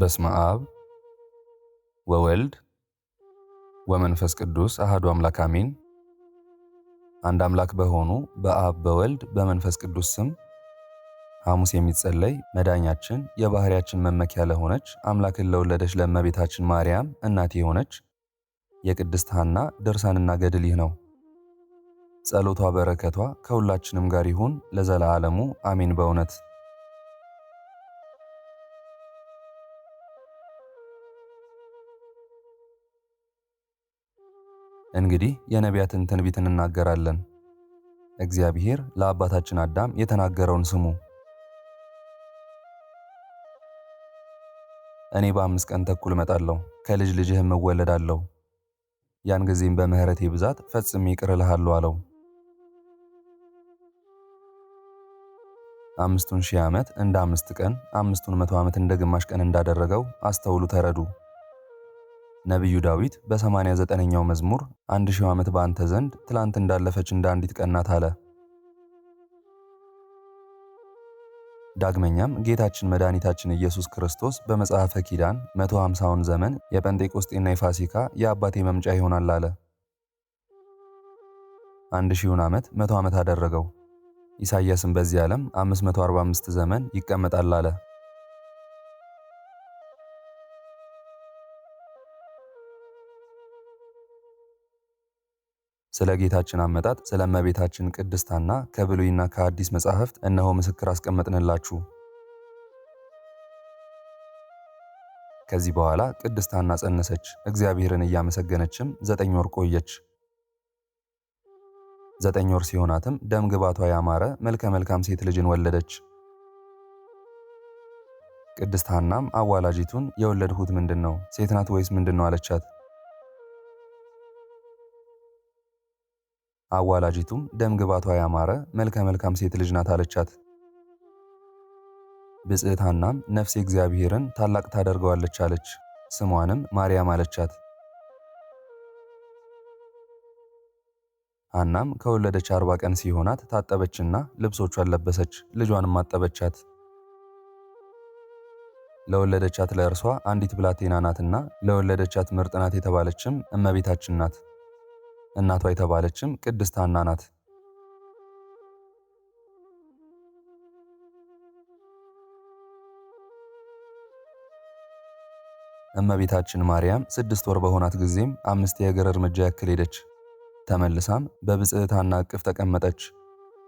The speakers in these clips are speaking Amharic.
በስመ አብ ወወልድ ወመንፈስ ቅዱስ አህዱ አምላክ አሜን። አንድ አምላክ በሆኑ በአብ በወልድ በመንፈስ ቅዱስ ስም ሐሙስ የሚጸለይ መዳኛችን የባህሪያችን መመኪያ ለሆነች አምላክን ለወለደች ለእመቤታችን ማርያም እናት የሆነች የቅድስት ሐና ድርሳንና ገድል ይህ ነው። ጸሎቷ በረከቷ ከሁላችንም ጋር ይሁን ለዘላለሙ አሜን። በእውነት እንግዲህ የነቢያትን ትንቢት እንናገራለን። እግዚአብሔር ለአባታችን አዳም የተናገረውን ስሙ። እኔ በአምስት ቀን ተኩል እመጣለሁ፣ ከልጅ ልጅህም እወለዳለሁ፣ ያን ጊዜም በምሕረቴ ብዛት ፈጽሜ ይቅር እልሃለሁ አለው። አምስቱን ሺህ ዓመት እንደ አምስት ቀን፣ አምስቱን መቶ ዓመት እንደ ግማሽ ቀን እንዳደረገው አስተውሉ፣ ተረዱ። ነቢዩ ዳዊት በ89ኛው መዝሙር አንድ ሺህ ዓመት በአንተ ዘንድ ትላንት እንዳለፈች እንደ አንዲት ቀናት አለ። ዳግመኛም ጌታችን መድኃኒታችን ኢየሱስ ክርስቶስ በመጽሐፈ ኪዳን 150ውን ዘመን የጴንጤቆስጤና የፋሲካ የአባቴ መምጫ ይሆናል አለ። አንድ ሺውን ዓመት መቶ ዓመት አደረገው። ኢሳይያስም በዚህ ዓለም 545 ዘመን ይቀመጣል አለ። ስለ ጌታችን አመጣጥ ስለ እመቤታችን ቅድስታና ከብሉይና ከአዲስ መጻሕፍት እነሆ ምስክር አስቀመጥንላችሁ። ከዚህ በኋላ ቅድስታና ጸነሰች፣ እግዚአብሔርን እያመሰገነችም ዘጠኝ ወር ቆየች። ዘጠኝ ወር ሲሆናትም ደም ግባቷ ያማረ መልከ መልካም ሴት ልጅን ወለደች። ቅድስት ሐናም አዋላጂቱን የወለድሁት ምንድን ነው? ሴት ናት ወይስ ምንድን ነው አለቻት። አዋላጂቱም ደም ግባቷ ያማረ መልከ መልካም ሴት ልጅ ናት አለቻት። ብጽዕታናም ነፍሴ እግዚአብሔርን ታላቅ ታደርገዋለች አለች። ስሟንም ማርያም አለቻት። ሐናም ከወለደች አርባ ቀን ሲሆናት ታጠበችና ልብሶቿን ለበሰች፣ ልጇንም አጠበቻት። ለወለደቻት ለእርሷ አንዲት ብላቴና ናትና ለወለደቻት ምርጥ ናት የተባለችም እመቤታችን ናት። እናቷ የተባለችም ቅድስት ሐና ናት። እመቤታችን ማርያም ስድስት ወር በሆናት ጊዜም አምስት የእግር እርምጃ ያክል ሄደች። ተመልሳም በብፅዕት ሐና እቅፍ ተቀመጠች።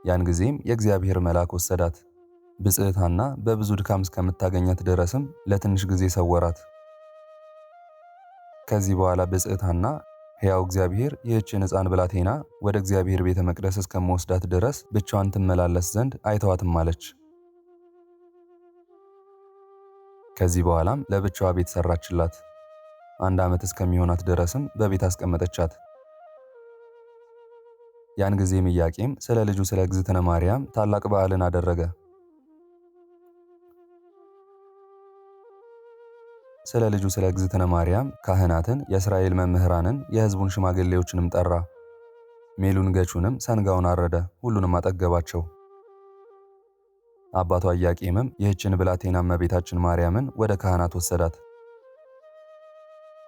ያን ጊዜም የእግዚአብሔር መልአክ ወሰዳት። ብፅዕት ሐና በብዙ ድካም እስከምታገኛት ድረስም ለትንሽ ጊዜ ሰወራት። ከዚህ በኋላ ብፅዕት ሐና ሕያው እግዚአብሔር ይህችን ሕፃን ብላቴና ወደ እግዚአብሔር ቤተ መቅደስ እስከመወስዳት ድረስ ብቻዋን ትመላለስ ዘንድ አይተዋትም አለች። ከዚህ በኋላም ለብቻዋ ቤት ሰራችላት። አንድ ዓመት እስከሚሆናት ድረስም በቤት አስቀመጠቻት። ያን ጊዜ ኢያቄም ስለ ልጁ ስለ እግዝእትነ ማርያም ታላቅ በዓልን አደረገ። ስለ ልጁ ስለ እግዝእትነ ማርያም ካህናትን፣ የእስራኤል መምህራንን፣ የሕዝቡን ሽማግሌዎችንም ጠራ። ሜሉን ገቹንም ሰንጋውን አረደ፣ ሁሉንም አጠገባቸው። አባቷ ኢያቄምም ይህችን ብላቴና እመቤታችን ማርያምን ወደ ካህናት ወሰዳት።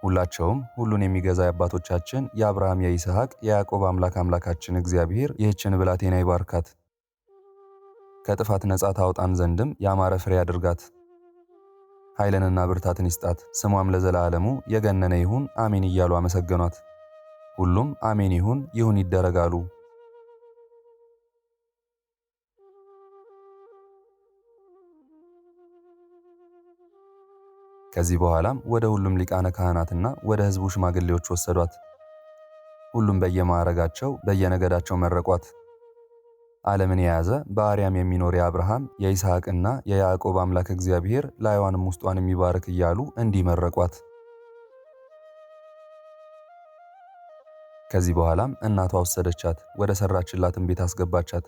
ሁላቸውም ሁሉን የሚገዛ የአባቶቻችን የአብርሃም የይስሐቅ የያዕቆብ አምላክ አምላካችን እግዚአብሔር ይህችን ብላቴና ይባርካት፣ ከጥፋት ነጻ ታውጣን ዘንድም ያማረ ፍሬ አድርጋት ኃይልንና ብርታትን ይስጣት፣ ስሟም ለዘላለሙ የገነነ ይሁን አሜን እያሉ አመሰገኗት። ሁሉም አሜን ይሁን ይሁን ይደረጋሉ። ከዚህ በኋላም ወደ ሁሉም ሊቃነ ካህናትና ወደ ሕዝቡ ሽማግሌዎች ወሰዷት። ሁሉም በየማዕረጋቸው በየነገዳቸው መረቋት። ዓለምን የያዘ በአርያም የሚኖር የአብርሃም የይስሐቅና የያዕቆብ አምላክ እግዚአብሔር ላይዋንም ውስጧን የሚባርክ እያሉ እንዲመረቋት። ከዚህ በኋላም እናቷ ወሰደቻት፣ ወደ ሠራችላትን ቤት አስገባቻት።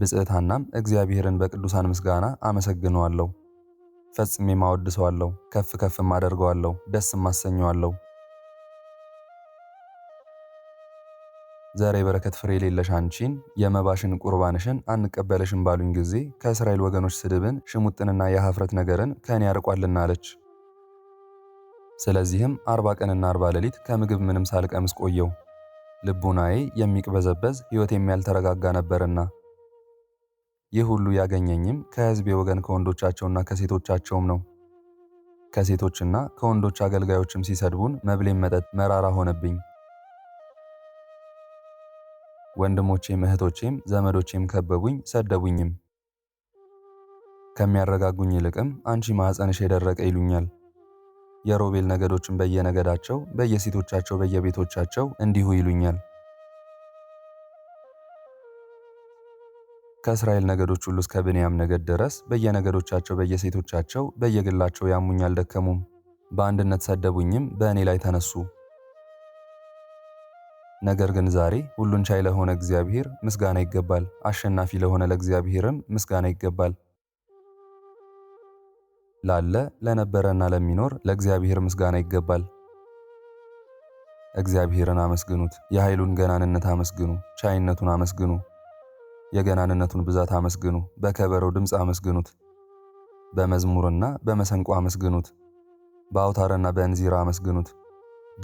ብጽዕት ሐናም እግዚአብሔርን በቅዱሳን ምስጋና አመሰግነዋለሁ፣ ፈጽሜ ማወድሰዋለሁ፣ ከፍ ከፍም አደርገዋለሁ፣ ደስም አሰኘዋለሁ ዛሬ በረከት ፍሬ የሌለሽ አንቺን የመባሽን ቁርባንሽን አንቀበለሽም ባሉኝ ጊዜ ከእስራኤል ወገኖች ስድብን ሽሙጥንና የሀፍረት ነገርን ከእኔ ያርቋልና አለች። ስለዚህም አርባ ቀንና አርባ ሌሊት ከምግብ ምንም ሳልቀምስ ቆየው። ልቡናዬ የሚቅበዘበዝ ሕይወቴም ያልተረጋጋ ነበርና ይህ ሁሉ ያገኘኝም ከሕዝቤ ወገን ከወንዶቻቸውና ከሴቶቻቸውም ነው። ከሴቶችና ከወንዶች አገልጋዮችም ሲሰድቡን መብሌም መጠጥ መራራ ሆነብኝ። ወንድሞቼም እህቶቼም ዘመዶቼም ከበቡኝ ሰደቡኝም። ከሚያረጋጉኝ ይልቅም አንቺ ማኅፀንሽ የደረቀ ይሉኛል። የሮቤል ነገዶችን በየነገዳቸው በየሴቶቻቸው በየቤቶቻቸው እንዲሁ ይሉኛል። ከእስራኤል ነገዶች ሁሉ እስከ ብንያም ነገድ ድረስ በየነገዶቻቸው በየሴቶቻቸው በየግላቸው ያሙኝ አልደከሙም። በአንድነት ሰደቡኝም፣ በእኔ ላይ ተነሱ። ነገር ግን ዛሬ ሁሉን ቻይ ለሆነ እግዚአብሔር ምስጋና ይገባል። አሸናፊ ለሆነ ለእግዚአብሔርም ምስጋና ይገባል። ላለ ለነበረና ለሚኖር ለእግዚአብሔር ምስጋና ይገባል። እግዚአብሔርን አመስግኑት። የኃይሉን ገናንነት አመስግኑ። ቻይነቱን አመስግኑ። የገናንነቱን ብዛት አመስግኑ። በከበረው ድምፅ አመስግኑት። በመዝሙርና በመሰንቆ አመስግኑት። በአውታርና በእንዚራ አመስግኑት።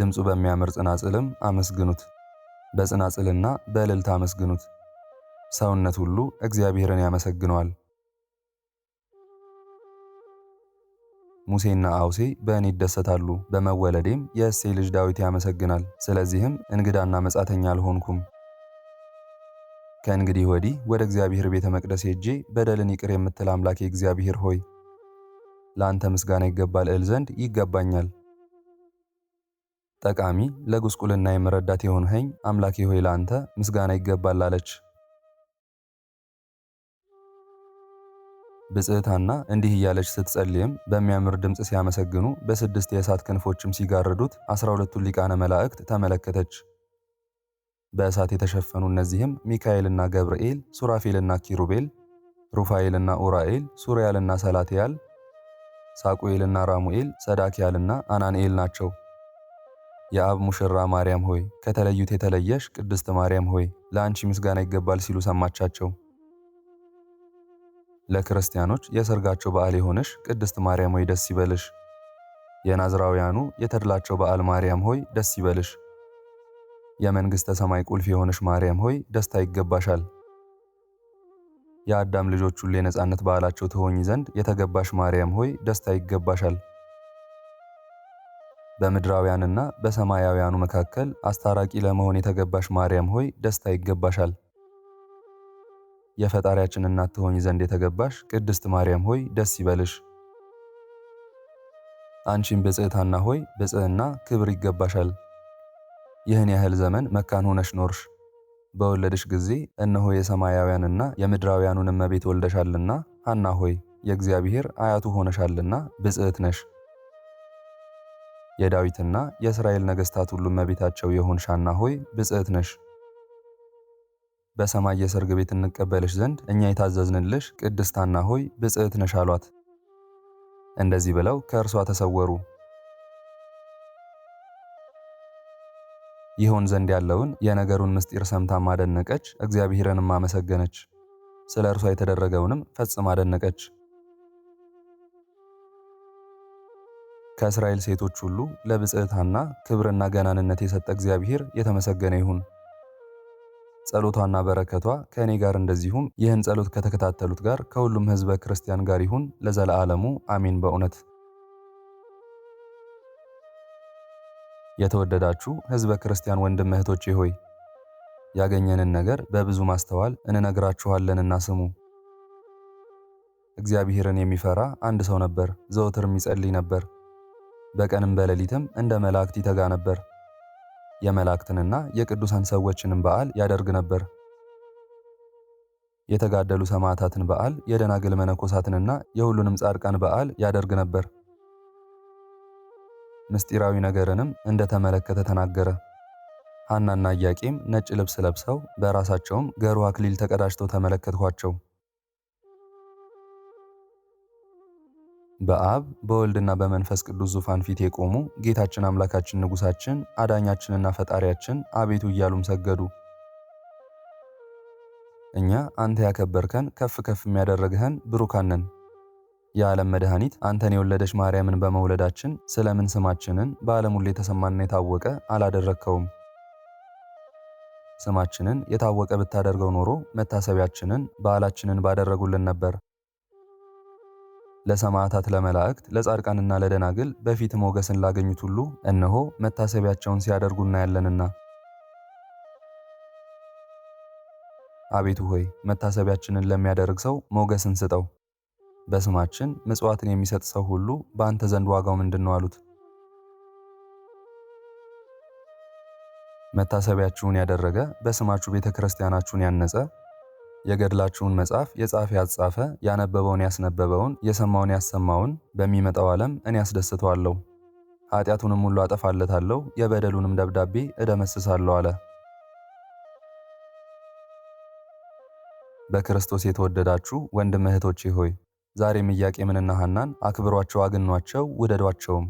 ድምፁ በሚያምር ጽናጽልም አመስግኑት። በጽናጽልና በእልልታ አመስግኑት። ሰውነት ሁሉ እግዚአብሔርን ያመሰግነዋል። ሙሴና አውሴ በእኔ ይደሰታሉ፣ በመወለዴም የእሴ ልጅ ዳዊት ያመሰግናል። ስለዚህም እንግዳና መጻተኛ አልሆንኩም። ከእንግዲህ ወዲህ ወደ እግዚአብሔር ቤተ መቅደስ ሄጄ በደልን ይቅር የምትል አምላኬ እግዚአብሔር ሆይ ለአንተ ምስጋና ይገባል እል ዘንድ ይገባኛል ጠቃሚ ለጉስቁልና የመረዳት የሆንኸኝ አምላኬ ሆይ ለአንተ ምስጋና ይገባል አለች። ብጽዕታና እንዲህ እያለች ስትጸልይም በሚያምር ድምፅ ሲያመሰግኑ በስድስት የእሳት ክንፎችም ሲጋርዱት አስራ ሁለቱን ሊቃነ መላእክት ተመለከተች። በእሳት የተሸፈኑ እነዚህም ሚካኤልና ገብርኤል፣ ሱራፌልና ኪሩቤል፣ ሩፋኤልና ኡራኤል፣ ሱሪያልና ሰላትያል፣ ሳቁኤልና ራሙኤል፣ ሰዳኪያልና አናንኤል ናቸው። የአብ ሙሽራ ማርያም ሆይ ከተለዩት የተለየሽ ቅድስት ማርያም ሆይ ለአንቺ ምስጋና ይገባል ሲሉ ሰማቻቸው። ለክርስቲያኖች የሰርጋቸው በዓል የሆነሽ ቅድስት ማርያም ሆይ ደስ ይበልሽ። የናዝራውያኑ የተድላቸው በዓል ማርያም ሆይ ደስ ይበልሽ። የመንግሥተ ሰማይ ቁልፍ የሆነሽ ማርያም ሆይ ደስታ ይገባሻል። የአዳም ልጆች ሁሉ የነጻነት በዓላቸው ትሆኝ ዘንድ የተገባሽ ማርያም ሆይ ደስታ ይገባሻል። በምድራውያንና በሰማያውያኑ መካከል አስታራቂ ለመሆን የተገባሽ ማርያም ሆይ ደስታ ይገባሻል። የፈጣሪያችን እናት ትሆኝ ዘንድ የተገባሽ ቅድስት ማርያም ሆይ ደስ ይበልሽ። አንቺም ብጽዕታና ሆይ ብጽዕና ክብር ይገባሻል። ይህን ያህል ዘመን መካን ሆነሽ ኖርሽ። በወለድሽ ጊዜ እነሆ የሰማያውያንና የምድራውያኑን እመቤት ወልደሻልና ሐና ሆይ የእግዚአብሔር አያቱ ሆነሻልና ብጽዕት ነሽ። የዳዊትና የእስራኤል ነገሥታት ሁሉ እመቤታቸው የሆንሽ ሐና ሆይ ብጽዕት ነሽ። በሰማይ የሰርግ ቤት እንቀበልሽ ዘንድ እኛ የታዘዝንልሽ ቅድስት ሐና ሆይ ብጽዕት ነሽ አሏት። እንደዚህ ብለው ከእርሷ ተሰወሩ። ይሆን ዘንድ ያለውን የነገሩን ምስጢር ሰምታም አደነቀች፣ እግዚአብሔርንም አመሰገነች። ስለ እርሷ የተደረገውንም ፈጽማ አደነቀች። ከእስራኤል ሴቶች ሁሉ ለብጽዕታና ክብርና ገናንነት የሰጠ እግዚአብሔር የተመሰገነ ይሁን። ጸሎቷና በረከቷ ከእኔ ጋር እንደዚሁም ይህን ጸሎት ከተከታተሉት ጋር ከሁሉም ሕዝበ ክርስቲያን ጋር ይሁን ለዘለዓለሙ አሜን። በእውነት የተወደዳችሁ ሕዝበ ክርስቲያን ወንድም እህቶቼ ሆይ ያገኘንን ነገር በብዙ ማስተዋል እንነግራችኋለንና ስሙ። እግዚአብሔርን የሚፈራ አንድ ሰው ነበር፣ ዘወትር የሚጸልይ ነበር በቀንም በሌሊትም እንደ መላእክት ይተጋ ነበር። የመላእክትንና የቅዱሳን ሰዎችንም በዓል ያደርግ ነበር። የተጋደሉ ሰማዕታትን በዓል፣ የደናግል መነኮሳትንና የሁሉንም ጻድቃን በዓል ያደርግ ነበር። ምስጢራዊ ነገርንም እንደተመለከተ ተናገረ። ሐናና ኢያቄም ነጭ ልብስ ለብሰው በራሳቸውም ገሩ አክሊል ተቀዳጅተው ተመለከትኳቸው። በአብ በወልድና በመንፈስ ቅዱስ ዙፋን ፊት የቆሙ ጌታችን አምላካችን ንጉሳችን አዳኛችንና ፈጣሪያችን አቤቱ እያሉም ሰገዱ። እኛ አንተ ያከበርከን ከፍ ከፍ የሚያደረግህን ብሩካን ነን። የዓለም መድኃኒት አንተን የወለደች ማርያምን በመውለዳችን ስለምን ስማችንን በዓለም ሁሉ የተሰማና የታወቀ አላደረግከውም? ስማችንን የታወቀ ብታደርገው ኖሮ መታሰቢያችንን በዓላችንን ባደረጉልን ነበር። ለሰማዕታት፣ ለመላእክት፣ ለጻድቃንና ለደናግል በፊት ሞገስን ላገኙት ሁሉ እነሆ መታሰቢያቸውን ሲያደርጉ እናያለንና። አቤቱ ሆይ መታሰቢያችንን ለሚያደርግ ሰው ሞገስን ስጠው። በስማችን ምጽዋትን የሚሰጥ ሰው ሁሉ በአንተ ዘንድ ዋጋው ምንድን ነው አሉት። መታሰቢያችሁን ያደረገ በስማችሁ ቤተ ክርስቲያናችሁን ያነጸ የገድላችሁን መጽሐፍ የጻፈ ያጻፈ ያነበበውን ያስነበበውን የሰማውን ያሰማውን በሚመጣው ዓለም እኔ አስደስተዋለሁ፣ ኃጢአቱንም ሁሉ አጠፋለታለሁ፣ የበደሉንም ደብዳቤ እደመስሳለሁ አለ። በክርስቶስ የተወደዳችሁ ወንድም እህቶቼ ሆይ ዛሬም ኢያቄምንና ሐናን አክብሯቸው፣ አግኗቸው፣ ውደዷቸውም።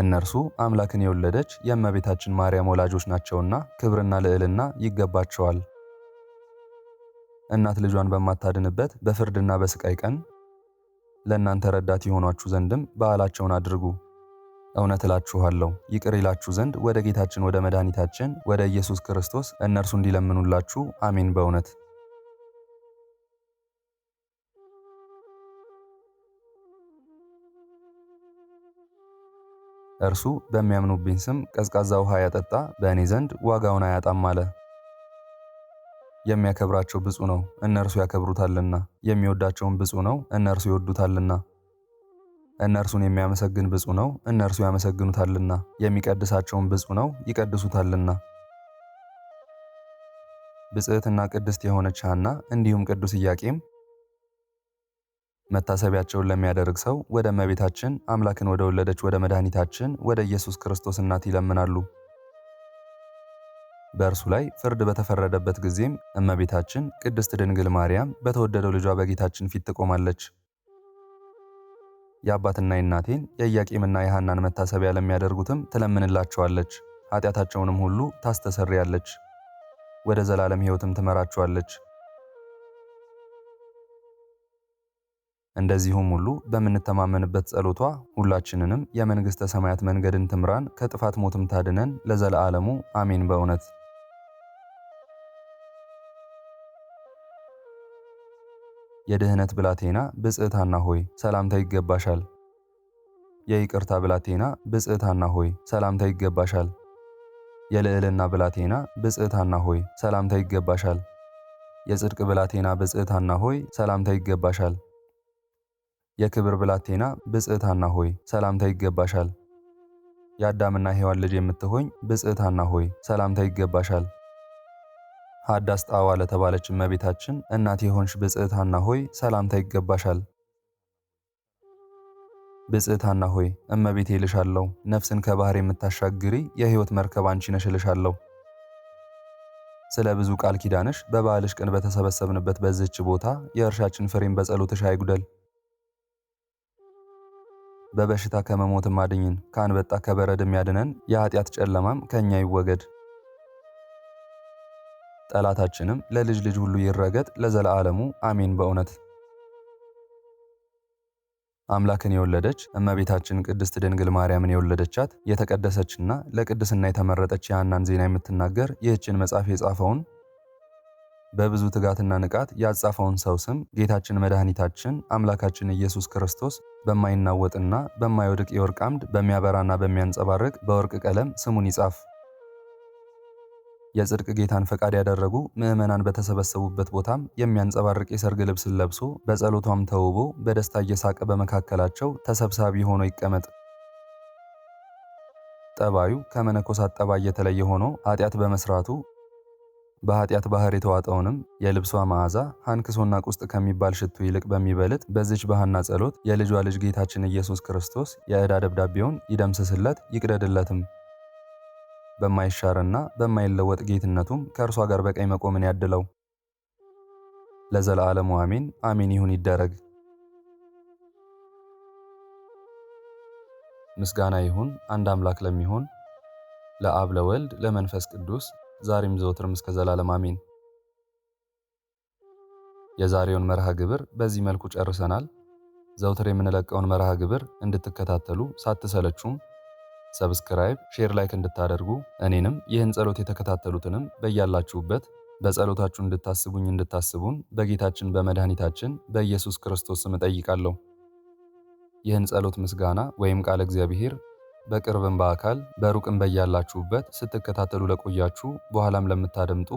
እነርሱ አምላክን የወለደች የእመቤታችን ማርያም ወላጆች ናቸውና ክብርና ልዕልና ይገባቸዋል። እናት ልጇን በማታድንበት በፍርድና በስቃይ ቀን ለእናንተ ረዳት የሆኗችሁ ዘንድም በዓላቸውን አድርጉ። እውነት እላችኋለሁ ይቅር ይላችሁ ዘንድ ወደ ጌታችን ወደ መድኃኒታችን ወደ ኢየሱስ ክርስቶስ እነርሱ እንዲለምኑላችሁ አሜን በእውነት እርሱ በሚያምኑብኝ ስም ቀዝቃዛ ውሃ ያጠጣ በእኔ ዘንድ ዋጋውን አያጣም አለ። የሚያከብራቸው ብፁ ነው፣ እነርሱ ያከብሩታልና፣ የሚወዳቸውን ብፁ ነው፣ እነርሱ ይወዱታልና። እነርሱን የሚያመሰግን ብፁ ነው፣ እነርሱ ያመሰግኑታልና፣ የሚቀድሳቸውን ብፁ ነው፣ ይቀድሱታልና። ብጽሕትና ቅድስት የሆነች ሐና እንዲሁም ቅዱስ ኢያቄም መታሰቢያቸውን ለሚያደርግ ሰው ወደ እመቤታችን አምላክን ወደ ወለደች ወደ መድኃኒታችን ወደ ኢየሱስ ክርስቶስ እናት ይለምናሉ። በእርሱ ላይ ፍርድ በተፈረደበት ጊዜም እመቤታችን ቅድስት ድንግል ማርያም በተወደደው ልጇ በጌታችን ፊት ትቆማለች። የአባትና የእናቴን የኢያቄምና የሐናን መታሰቢያ ለሚያደርጉትም ትለምንላቸዋለች። ኃጢአታቸውንም ሁሉ ታስተሰርያለች፣ ወደ ዘላለም ሕይወትም ትመራቸዋለች። እንደዚሁም ሁሉ በምንተማመንበት ጸሎቷ ሁላችንንም የመንግሥተ ሰማያት መንገድን ትምራን፣ ከጥፋት ሞትም ታድነን ለዘለዓለሙ አሜን። በእውነት የድህነት ብላቴና ብጽዕት ሆይ ሰላምታ ይገባሻል። የይቅርታ ብላቴና ብጽዕት ሆይ ሰላምታ ይገባሻል። የልዕልና ብላቴና ብጽዕት ሆይ ሰላምታ ይገባሻል። የጽድቅ ብላቴና ብጽዕት ሆይ ሰላምታ ይገባሻል። የክብር ብላቴና ብጽዕታና ሆይ ሰላምታ ይገባሻል። የአዳምና ሔዋን ልጅ የምትሆኝ ብጽዕታና ሆይ ሰላምታ ይገባሻል። ሀዳስ ጣዋ ለተባለች እመቤታችን እናት የሆንሽ ብጽዕታና ሆይ ሰላምታ ይገባሻል። ብጽዕታና ሆይ እመቤቴ ይልሻለሁ፣ ነፍስን ከባህር የምታሻግሪ የሕይወት መርከብ አንቺ ነሽ እልሻለሁ። ስለ ብዙ ቃል ኪዳንሽ በባህልሽ ቀን በተሰበሰብንበት በዝች ቦታ የእርሻችን ፍሬም በጸሎትሽ አይጉደል። በበሽታ ከመሞትም አድኝን፣ ከአንበጣ ከበረድም ያድነን፣ የኃጢአት ጨለማም ከእኛ ይወገድ። ጠላታችንም ለልጅ ልጅ ሁሉ ይረገጥ ለዘለዓለሙ አሜን። በእውነት አምላክን የወለደች እመቤታችን ቅድስት ድንግል ማርያምን የወለደቻት የተቀደሰችና ለቅድስና የተመረጠች የሐናን ዜና የምትናገር ይህችን መጽሐፍ የጻፈውን በብዙ ትጋትና ንቃት ያጻፈውን ሰው ስም ጌታችን መድኃኒታችን አምላካችን ኢየሱስ ክርስቶስ በማይናወጥና በማይወድቅ የወርቅ አምድ በሚያበራና በሚያንጸባርቅ በወርቅ ቀለም ስሙን ይጻፍ። የጽድቅ ጌታን ፈቃድ ያደረጉ ምዕመናን በተሰበሰቡበት ቦታም የሚያንጸባርቅ የሰርግ ልብስን ለብሶ በጸሎቷም ተውቦ በደስታ እየሳቀ በመካከላቸው ተሰብሳቢ ሆኖ ይቀመጥ። ጠባዩ ከመነኮሳት ጠባይ የተለየ ሆኖ ኃጢአት በመስራቱ በኃጢአት ባህር የተዋጠውንም የልብሷ መዓዛ ሐንክሶና ቁስጥ ከሚባል ሽቱ ይልቅ በሚበልጥ በዚች ባህና ጸሎት የልጇ ልጅ ጌታችን ኢየሱስ ክርስቶስ የዕዳ ደብዳቤውን ይደምስስለት ይቅደድለትም። በማይሻርና በማይለወጥ ጌትነቱም ከእርሷ ጋር በቀኝ መቆምን ያድለው። ለዘላለሙ አሜን አሜን ይሁን ይደረግ። ምስጋና ይሁን አንድ አምላክ ለሚሆን ለአብ ለወልድ ለመንፈስ ቅዱስ ዛሬም ዘወትርም እስከ ዘላለም አሜን። የዛሬውን መርሃ ግብር በዚህ መልኩ ጨርሰናል። ዘውትር የምንለቀውን መርሃ ግብር እንድትከታተሉ ሳትሰለችሁም ሰብስክራይብ፣ ሼር፣ ላይክ እንድታደርጉ እኔንም ይህን ጸሎት የተከታተሉትንም በያላችሁበት በጸሎታችሁ እንድታስቡኝ እንድታስቡን በጌታችን በመድኃኒታችን በኢየሱስ ክርስቶስ ስም እጠይቃለሁ። ይህን ጸሎት ምስጋና ወይም ቃለ እግዚአብሔር በቅርብም በአካል በሩቅም በያላችሁበት ስትከታተሉ ለቆያችሁ በኋላም ለምታደምጡ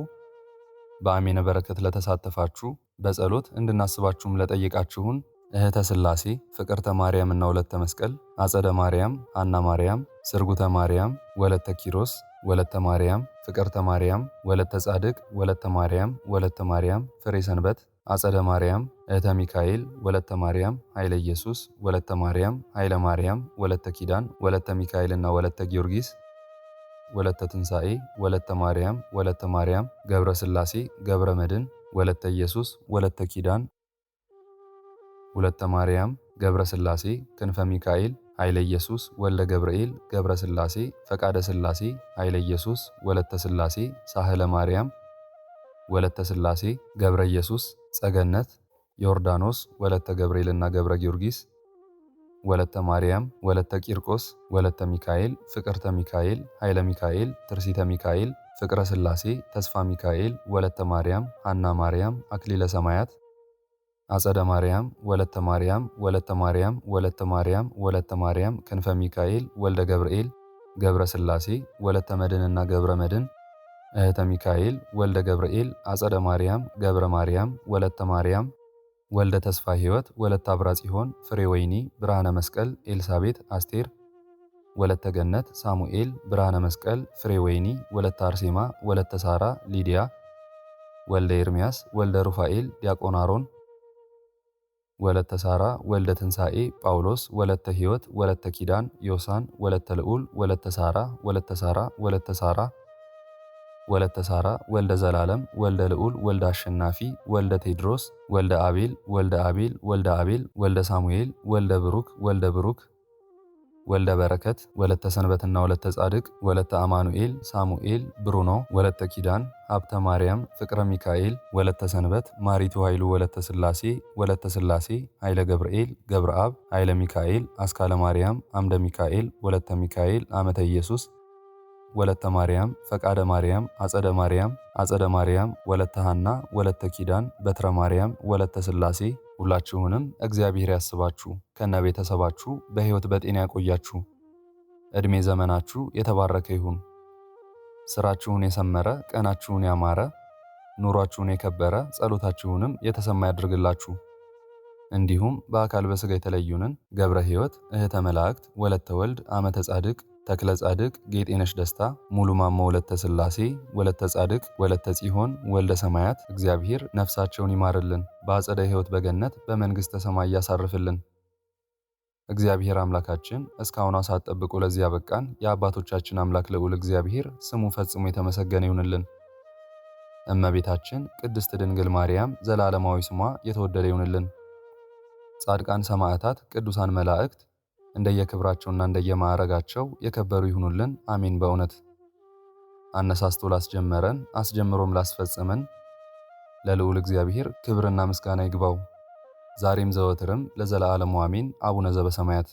በአሜነ በረከት ለተሳተፋችሁ በጸሎት እንድናስባችሁም ለጠየቃችሁን እህተ ስላሴ ፍቅርተ እና ወለተ መስቀል አጸደ ማርያም አና ማርያም ስርጉተ ማርያም ወለተ ኪሮስ ወለተ ማርያም ፍቅርተ ማርያም ወለተ ጻድቅ ወለተ ማርያም ወለተ ማርያም ፍሬ ሰንበት አጸደ ማርያም እህተ ሚካኤል ወለተ ማርያም ኃይለ ኢየሱስ ወለተ ማርያም ኃይለ ማርያም ወለተ ኪዳን ወለተ ሚካኤልና ወለተ ጊዮርጊስ ወለተ ትንሣኤ ወለተ ማርያም ወለተ ማርያም ገብረ ሥላሴ ገብረ መድን ወለተ ኢየሱስ ወለተ ኪዳን ወለተ ማርያም ገብረ ሥላሴ ክንፈ ሚካኤል ኃይለ ኢየሱስ ወለ ገብርኤል ገብረ ሥላሴ ፈቃደ ሥላሴ ኃይለ ኢየሱስ ወለተ ሥላሴ ሳህለ ማርያም ወለተ ስላሴ ገብረ ኢየሱስ፣ ጸገነት፣ ዮርዳኖስ፣ ወለተ ገብርኤልና ገብረ ጊዮርጊስ፣ ወለተ ማርያም፣ ወለተ ቂርቆስ፣ ወለተ ሚካኤል፣ ፍቅርተ ሚካኤል፣ ኃይለ ሚካኤል፣ ትርሲተ ሚካኤል፣ ፍቅረ ስላሴ ተስፋ ሚካኤል፣ ወለተ ማርያም፣ ሐና ማርያም፣ አክሊለ ሰማያት፣ አጸደ ማርያም፣ ወለተ ማርያም፣ ወለተ ማርያም፣ ወለተ ማርያም፣ ወለተ ማርያም፣ ክንፈ ሚካኤል፣ ወልደ ገብርኤል፣ ገብረ ስላሴ ወለተ መድንና ገብረ መድን እህተ ሚካኤል፣ ወልደ ገብርኤል፣ አጸደ ማርያም፣ ገብረ ማርያም፣ ወለተ ማርያም፣ ወልደ ተስፋ ሕይወት፣ ወለተ አብራ ጽዮን፣ ፍሬ ወይኒ፣ ብርሃነ መስቀል፣ ኤልሳቤት፣ አስቴር፣ ወለተ ገነት፣ ሳሙኤል፣ ብርሃነ መስቀል፣ ፍሬ ወይኒ፣ ወለተ አርሴማ፣ ወለተ ሳራ፣ ሊዲያ፣ ወልደ ኤርሚያስ፣ ወልደ ሩፋኤል፣ ዲያቆን አሮን፣ ወለተ ሳራ፣ ወልደ ትንሣኤ፣ ጳውሎስ፣ ወለተ ሕይወት፣ ወለተ ኪዳን፣ ዮሳን፣ ወለተ ልዑል፣ ወለተ ሳራ፣ ወለተ ሳራ፣ ወለተ ሳራ ወለተ ሳራ፣ ወልደ ዘላለም፣ ወልደ ልዑል፣ ወልደ አሸናፊ፣ ወልደ ቴድሮስ፣ ወልደ አቤል፣ ወልደ አቤል፣ ወልደ አቤል፣ ወልደ ሳሙኤል፣ ወልደ ብሩክ፣ ወልደ ብሩክ፣ ወልደ በረከት፣ ወለተ ሰንበትና ወለተ ጻድቅ፣ ወለተ አማኑኤል፣ ሳሙኤል፣ ብሩኖ፣ ወለተ ኪዳን፣ ሀብተ ማርያም፣ ፍቅረ ሚካኤል፣ ወለተ ሰንበት፣ ማሪቱ ኃይሉ፣ ወለተ ስላሴ፣ ወለተ ስላሴ፣ ኃይለ ገብርኤል፣ ገብረአብ፣ ኃይለ ሚካኤል፣ አስካለ ማርያም፣ አምደ ሚካኤል፣ ወለተ ሚካኤል፣ አመተ ኢየሱስ ወለተ ማርያም፣ ፈቃደ ማርያም፣ አጸደ ማርያም፣ አጸደ ማርያም፣ ወለተ ሐና፣ ወለተ ኪዳን፣ በትረ ማርያም፣ ወለተ ስላሴ ሁላችሁንም እግዚአብሔር ያስባችሁ ከነ ቤተሰባችሁ በሕይወት በጤና ያቆያችሁ። ዕድሜ ዘመናችሁ የተባረከ ይሁን። ስራችሁን የሰመረ ቀናችሁን ያማረ ኑሯችሁን የከበረ ጸሎታችሁንም የተሰማ ያድርግላችሁ። እንዲሁም በአካል በስጋ የተለዩንን ገብረ ሕይወት፣ እህተ መላእክት፣ ወለተ ወልድ፣ አመተ ጻድቅ ተክለ ጻድቅ፣ ጌጤነሽ ደስታ፣ ሙሉ ማሞ ወለተ ስላሴ፣ ወለተ ጻድቅ፣ ወለተ ጽዮን፣ ወልደ ሰማያት እግዚአብሔር ነፍሳቸውን ይማርልን፣ በአጸደ ሕይወት በገነት በመንግሥተ ሰማይ ያሳርፍልን። እግዚአብሔር አምላካችን እስካሁኗ ሰዓት ጠብቆ ለዚህ ያበቃን የአባቶቻችን አምላክ ልዑል እግዚአብሔር ስሙ ፈጽሞ የተመሰገነ ይሁንልን። እመቤታችን ቅድስት ድንግል ማርያም ዘላለማዊ ስሟ የተወደደ ይሁንልን። ጻድቃን ሰማዕታት፣ ቅዱሳን መላእክት እንደየክብራቸውና እንደየማዕረጋቸው የከበሩ ይሁኑልን። አሜን። በእውነት አነሳስቶ ላስጀመረን አስጀምሮም ላስፈጸመን ለልዑል እግዚአብሔር ክብርና ምስጋና ይግባው ዛሬም ዘወትርም ለዘላለሙ አሜን። አቡነ ዘበሰማያት